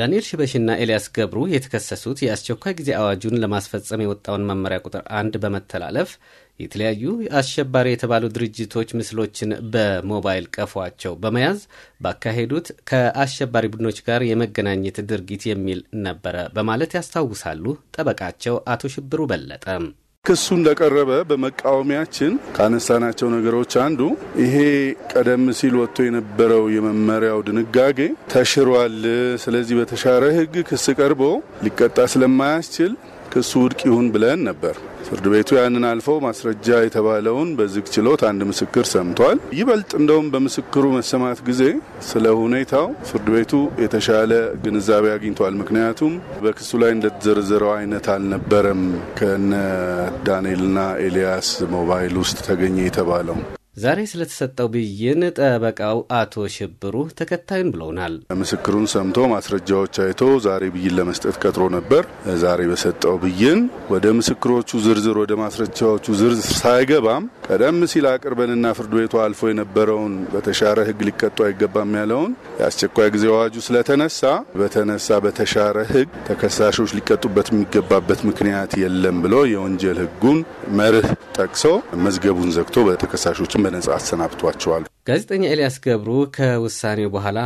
ዳንኤል ሽበሽና ኤልያስ ገብሩ የተከሰሱት የአስቸኳይ ጊዜ አዋጁን ለማስፈጸም የወጣውን መመሪያ ቁጥር አንድ በመተላለፍ የተለያዩ አሸባሪ የተባሉ ድርጅቶች ምስሎችን በሞባይል ቀፏቸው በመያዝ ባካሄዱት ከአሸባሪ ቡድኖች ጋር የመገናኘት ድርጊት የሚል ነበረ በማለት ያስታውሳሉ ጠበቃቸው አቶ ሽብሩ በለጠ። ክሱ እንደቀረበ በመቃወሚያችን ካነሳናቸው ነገሮች አንዱ ይሄ ቀደም ሲል ወጥቶ የነበረው የመመሪያው ድንጋጌ ተሽሯል። ስለዚህ በተሻረ ሕግ ክስ ቀርቦ ሊቀጣ ስለማያስችል ክሱ ውድቅ ይሁን ብለን ነበር። ፍርድ ቤቱ ያንን አልፎ ማስረጃ የተባለውን በዝግ ችሎት አንድ ምስክር ሰምቷል። ይበልጥ እንደውም በምስክሩ መሰማት ጊዜ ስለ ሁኔታው ፍርድ ቤቱ የተሻለ ግንዛቤ አግኝቷል። ምክንያቱም በክሱ ላይ እንደተዘረዘረው አይነት አልነበረም ከነ ዳንኤልና ኤልያስ ሞባይል ውስጥ ተገኘ የተባለው ዛሬ ስለተሰጠው ብይን ጠበቃው አቶ ሽብሩ ተከታዩን ብለውናል። ምስክሩን ሰምቶ ማስረጃዎች አይቶ ዛሬ ብይን ለመስጠት ቀጥሮ ነበር። ዛሬ በሰጠው ብይን ወደ ምስክሮቹ ዝርዝር ወደ ማስረጃዎቹ ዝርዝር ሳይገባም ቀደም ሲል አቅርበንና ፍርድ ቤቱ አልፎ የነበረውን በተሻረ ህግ ሊቀጡ አይገባም ያለውን የአስቸኳይ ጊዜ አዋጁ ስለተነሳ በተነሳ በተሻረ ህግ ተከሳሾች ሊቀጡበት የሚገባበት ምክንያት የለም ብሎ የወንጀል ህጉን መርህ ጠቅሶ መዝገቡን ዘግቶ በተከሳሾችን በነጻ አሰናብቷቸዋል። ጋዜጠኛ ኤልያስ ገብሩ ከውሳኔው በኋላ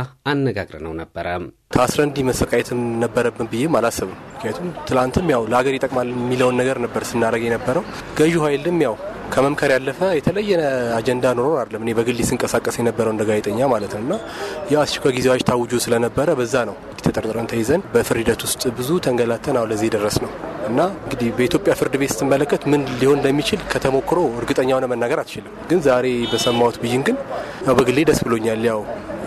ነው ነበረ። ታስረ እንዲህ መሰቃየትም ነበረብን ብዬም አላሰብም። ምክንያቱም ትላንትም ያው ለሀገር ይጠቅማል የሚለውን ነገር ነበር ስናደርግ የነበረው ገዢ ኃይልም ያው ከመምከር ያለፈ የተለየ አጀንዳ ኖሮ አይደለም። እኔ በግሌ ስንቀሳቀስ የነበረው እንደ ጋዜጠኛ ማለት ነው እና ያው አስቸኳይ ጊዜዎች ታውጆ ስለነበረ በዛ ነው ተጠርጥረን ተይዘን በፍርድ ሂደት ውስጥ ብዙ ተንገላተን አሁ ለዚህ ደረስ ነው እና እንግዲህ በኢትዮጵያ ፍርድ ቤት ስትመለከት ምን ሊሆን እንደሚችል ከተሞክሮ እርግጠኛ ሆነ መናገር አትችልም። ግን ዛሬ በሰማሁት ብይን ግን ያው በግሌ ደስ ብሎኛል። ያው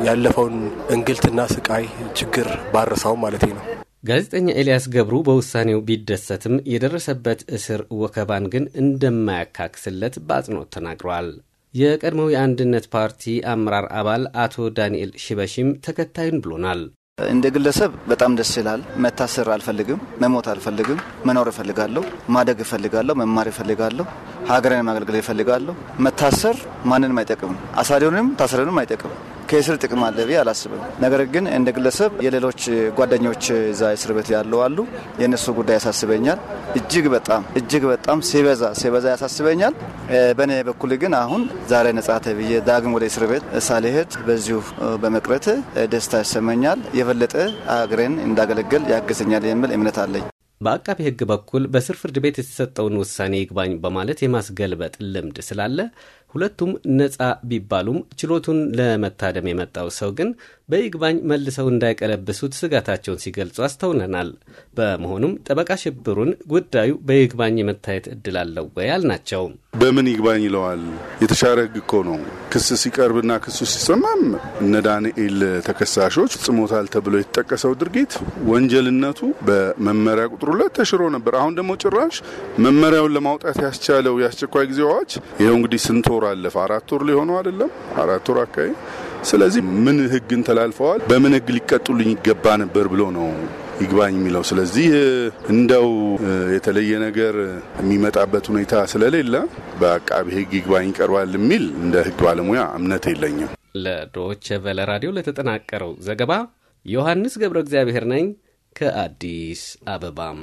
ያለፈውን እንግልትና ስቃይ ችግር ባረሳው ማለት ነው። ጋዜጠኛ ኤልያስ ገብሩ በውሳኔው ቢደሰትም የደረሰበት እስር ወከባን ግን እንደማያካክስለት በአጽንኦት ተናግረዋል። የቀድሞው የአንድነት ፓርቲ አመራር አባል አቶ ዳንኤል ሽበሺም ተከታዩን ብሎናል። እንደ ግለሰብ በጣም ደስ ይላል። መታሰር አልፈልግም፣ መሞት አልፈልግም፣ መኖር እፈልጋለሁ፣ ማደግ እፈልጋለሁ፣ መማር እፈልጋለሁ፣ ሀገርን ማገልገል እፈልጋለሁ። መታሰር ማንንም አይጠቅምም፣ አሳሪውንም ታስረንም አይጠቅምም። ከእስር ጥቅም አለ ብዬ አላስብም። ነገር ግን እንደ ግለሰብ የሌሎች ጓደኞች እዛ እስር ቤት ያለው አሉ። የእነሱ ጉዳይ ያሳስበኛል እጅግ በጣም እጅግ በጣም ሲበዛ ሲበዛ ያሳስበኛል። በእኔ በኩል ግን አሁን ዛሬ ነጻ ተብዬ ዳግም ወደ እስር ቤት ሳልሄድ በዚሁ በመቅረት ደስታ ይሰማኛል። የበለጠ አገሬን እንዳገለግል ያግዘኛል የሚል እምነት አለኝ። በአቃቤ ሕግ በኩል በስር ፍርድ ቤት የተሰጠውን ውሳኔ ይግባኝ በማለት የማስገልበጥ ልምድ ስላለ ሁለቱም ነጻ ቢባሉም ችሎቱን ለመታደም የመጣው ሰው ግን በይግባኝ መልሰው እንዳይቀለብሱት ስጋታቸውን ሲገልጹ አስተውለናል። በመሆኑም ጠበቃ ሽብሩን ጉዳዩ በይግባኝ የመታየት እድል አለው ወይ አልናቸው። በምን ይግባኝ ይለዋል? የተሻረ ህግ እኮ ነው። ክስ ሲቀርብና ክሱ ሲሰማም እነ ዳንኤል ተከሳሾች ጽሞታል ተብሎ የተጠቀሰው ድርጊት ወንጀልነቱ በመመሪያ ቁጥሩ ሩለት ተሽሮ ነበር። አሁን ደግሞ ጭራሽ መመሪያውን ለማውጣት ያስቻለው የአስቸኳይ ጊዜ አዋጅ ይኸው እንግዲህ ስንት ወር አለፈ? አራት ወር ሊሆነው አይደለም? አራት ወር አካባቢ። ስለዚህ ምን ህግን ተላልፈዋል? በምን ህግ ሊቀጡልኝ ይገባ ነበር ብሎ ነው ይግባኝ የሚለው። ስለዚህ እንደው የተለየ ነገር የሚመጣበት ሁኔታ ስለሌለ በአቃቢ ህግ ይግባኝ ይቀርባል የሚል እንደ ህግ ባለሙያ እምነት የለኝም። ለዶይቼ ቬለ ራዲዮ ለተጠናቀረው ዘገባ ዮሐንስ ገብረ እግዚአብሔር ነኝ። ከአዲስ አበባም